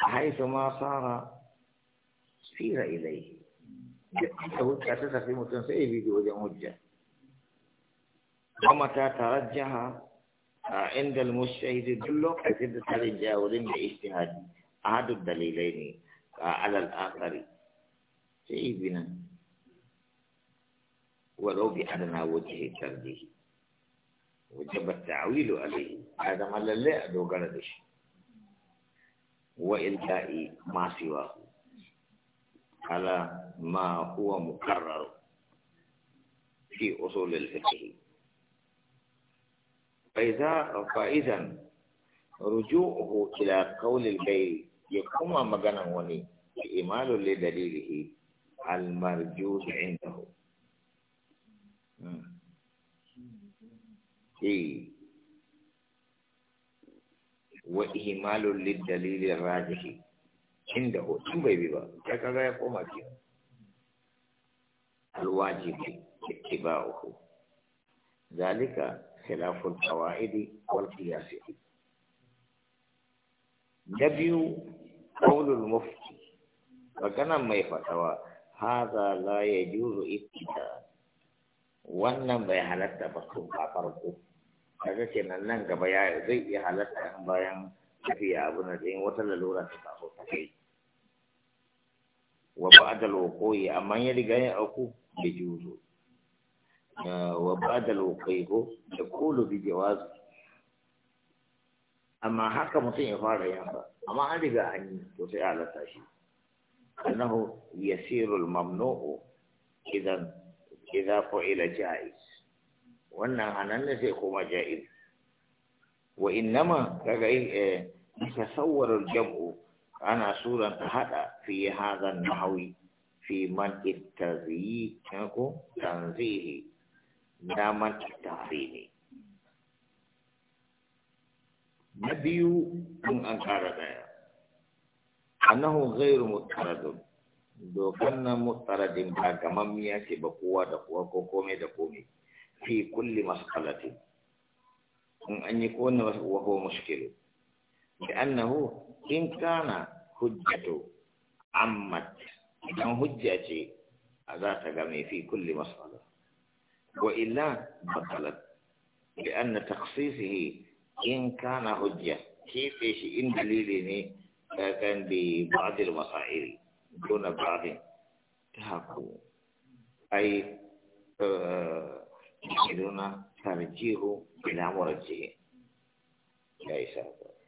حيث ما صار سير إليه في متن سيفي بوجه مجة ومتى ترجها عند المجتهد كله حيث ترجع ولم اجتهاد أحد الدليلين على الآخر سيبنا ولو بأدنى وجه الترجيح وجب التعويل عليه هذا ما لا لا Wa'inta i masuwa kala mahuwa mu karrar shi oso lalatahi. Sai za a fa'izan rujjo a hukila kawu lelkai ya kuma maganan wani, sai ma dole al marjo su wa ihmalul lid dalilin rajihi inda hotun bai bi ba ya kaga ya koma ke alwajibi ittiba'uhu zalika khilaful qawaidi wal qiyas nabiyu biyu qaulul mufti magana mai fatawa hadha la yajuzu ittiba wannan bai halatta ba ba farko kaga kenan nan gaba ya zai iya halatta yan bayan tafiya abu na tsayin wata lalura ta taso ta kai wa ba'da al-wuqu'i amma ya riga ya auku bi juzu eh, wa ba'da al-wuqu'i ko yaqulu bi jawaz amma haka mutum ya fara yan ba amma an riga an yi to sai halatta shi annahu yasiru mamnuu idan idza fu'ila jaiz wannan anan ne sai kuma jaiz wa innama kaga eh al jam'u ana suran ta hada fi hadhan nahwi fi man ittazi kako eh, tanzihi da man ne. na biyu in an kara daya annahu ghairu mutaradun dokan nan mutaradin ba gamammiya ce ba kowa da kowa ko komai da komai في كل مسألة أن يكون وهو مشكل لأنه إن كان حجة عمت إذا حجتي ذات غمي في كل مسألة وإلا بطلت لأن تخصيصه إن كان حجة كيف إن دليلني كان ببعض المسائل دون بعض تهكو أي آه يجدون ترجيه بلا مرجئ ليس هذا